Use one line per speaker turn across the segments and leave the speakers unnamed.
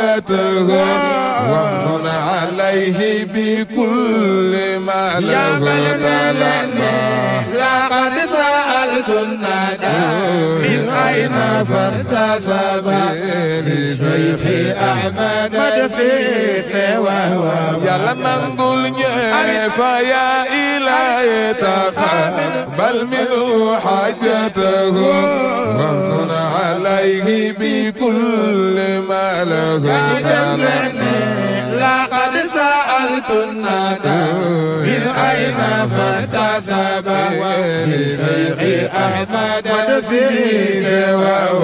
حاجتها ومن عليه بكل ما له لقد سألت الندى من أين فارتسب لشيخ أحمد مدسيس وهو يا لمن قلنا فيا إلهي بل منه حاجته ومن عليه بكل ما له لقد سألت الندى من أين فاحتسب وفي أحمد فيه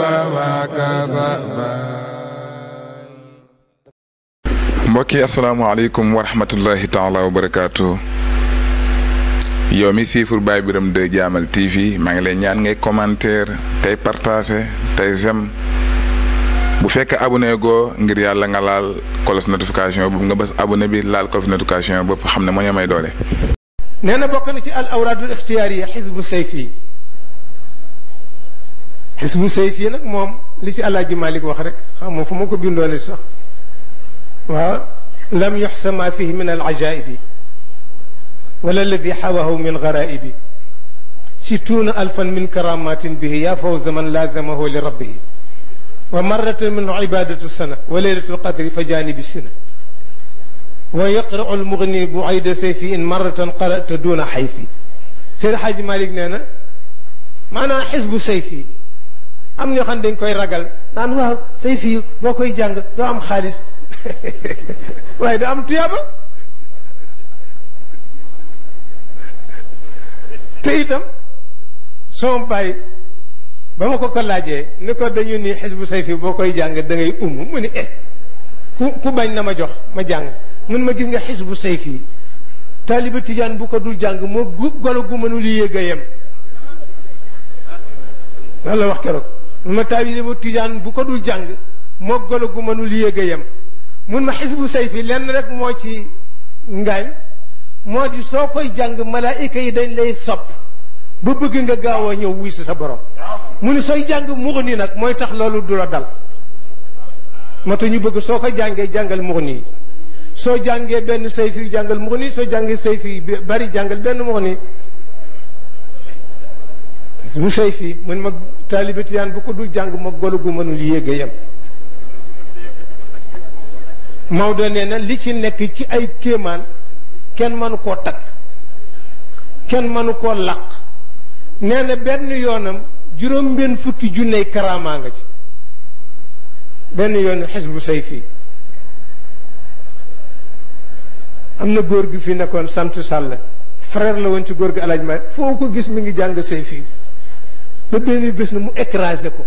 وكذب mbokki asalaamaaleykum wa rahmatullahi taala wa barakaatu yow mi siifur Baye Birame 2 Jaamal TV maa ngi lay ñaan ngay commentaire tey partagé tey j'aime bu fekkee abonné go ngir yàlla nga laal kolos notification bu nga bass abonné bi laal kolos notification bop xamné mo ñamay doole. nee bokk na ci al awrad al ikhtiyari hizb sayfi hizb sayfi nak mom li ci Alaaji Malik wax rek xam fu ma bindolé sax wa lam yuxsa ma fihi min al ajaib wala alladi xawahu min garaibi situna alfan min karamatin bihi yaa fawza man laazamahu li ومرة من عبادة السنة وليلة القدر فجانب السنة ويقرأ المغني بعيد سيفي إن مرة قرأت دون حيفي سيد حاج مالك نانا معنا حزب سيفي أم نيوخان دين كوي رقل نان هو سيفي مو كوي جانج دو أم خالص وهي دو تيابا تيتم سوم باي ba ma ko ko laajee ni ko dañu ni xisbu sayfi boo koy jàng da ngay umm mu ni eh ku ku bañ na ma jox ma jàng mun ma gis nga bu xisbu sayfi taaliba tijaan bu ko dul jàng moo golo gu mënul yéeg a yem loolu la wax keroog mun ma taaliba bu ko dul jàng moo golo gu mënul yéeg a yem mun ma xisbu sayfi lenn rek moo ci ngaañ moo di soo koy jàng malaayika yi dañ lay sopp ba bëgg nga gaawoo ñëw wuy si sa borom mu ni sooy jàng nii nag mooy tax loolu du la dal moo tax ñu bëgg soo ko jàngee jàngal nii soo jàngee benn sayfi jàngal muxni soo jàngee sayfi bari jàngal benn muxni mu sayfi mu ne ma taalibetiyaan bu ko dul jàng ma golo gu mënul yéegéeyam Maodo nee na li ci nekk ci ay kéemaan kenn mënu koo takk kenn mënu koo làq nee na benn yoonam juróom benn fukki junney karaamaa nga ci benn yoon xisbu fii am na góor gi fii nekkoon sant sàll frère la woon ci góor gi alaaj ma foo ko gis mu ngi jàng fii ba benn bés na mu écrasé ko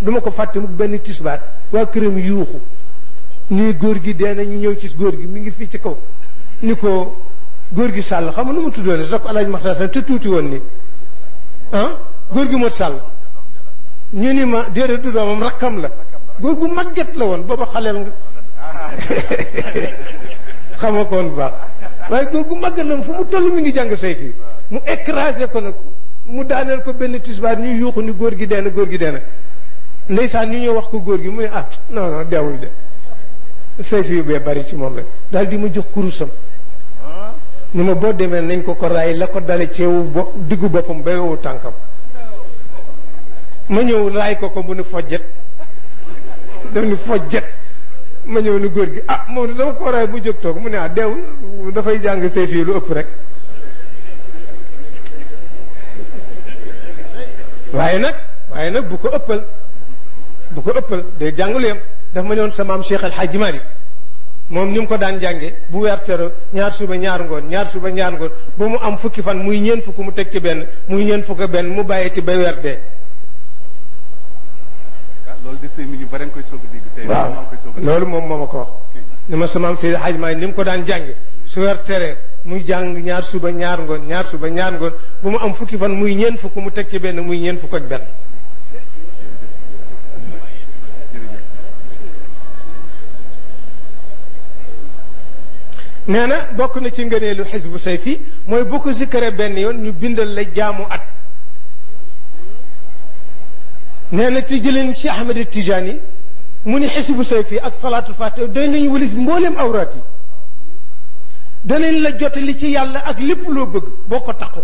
duma ko fàtte mu benn tisbaat waa këram yuuxu nii góor gi dee na ñu ñëw ci góor gi mi ngi fii ci kaw ni ko góor gi sàll xam nu mu tuddoon rek ko alaaj maxtaar te tuuti woon ni ah? góor gi mat sàll ñu ni ma déedéet du doomam rakkam la góor gu magget la woon booba xaleel nga xama koon baax waaye góor gu màgget la fu mu toll mi ngi jàng say fii mu écrasé ko nag mu daaneel ko benn tisbaar ñuy yuuxu ni góor gi dee na góor gi dee na ndeysaan ñu ñëw wax ko góor gi muy ah non non deewul de say fii bee bari ci moom la daal di ma jox kurusam ñu ah. ma boo demee nañ ko ko raay la ko dale ceewu bo diggu boppam ba yowu tànkam ma ñëw laay ko ko mu ne fojjet daf ni fojjet ma ñëw ni góor gi ah moom dama ko raay bu jóg toog mu ne ah deewul dafay jàng say fii lu ëpp rek waaye nag waaye nag bu ko ëppal bu ko ëppal day jàngu leem daf ma ñëwoon sa maam Cheikh El Hadj Malick moom ni mu ko daan jànge bu weer tero ñaar suba ñaar ngoon ñaar suba ñaar ngoon ba mu am fukki fan muy ñeen fukk mu teg ci benn muy ñeen fukk benn mu bàyyee ci ba weer dee loolu de sëñ bi ñu koy soog a loolu moom moo ko wax ni ma samaam Seydi Hadj Maay ni mu ko daan jànge hmm. su weer teree muy jàng ñaar suba ñaar ngoon ñaar suba ñaar ngoon bu mu am fukki fan muy ñeen fukk mu teg ci benn muy ñeen fukk ak benn nee na bokk na ci ngëneelu xisbu sayfi mooy bokk ko benn yoon ñu bindal la jaamu at نانا تيجلن شي احمد التجاني موني حسب سيفي اك صلاه الفاتحه دين نيو وليس مبولم اوراتي دانن لا جوت لي اك ليپ لو بوكو تاخو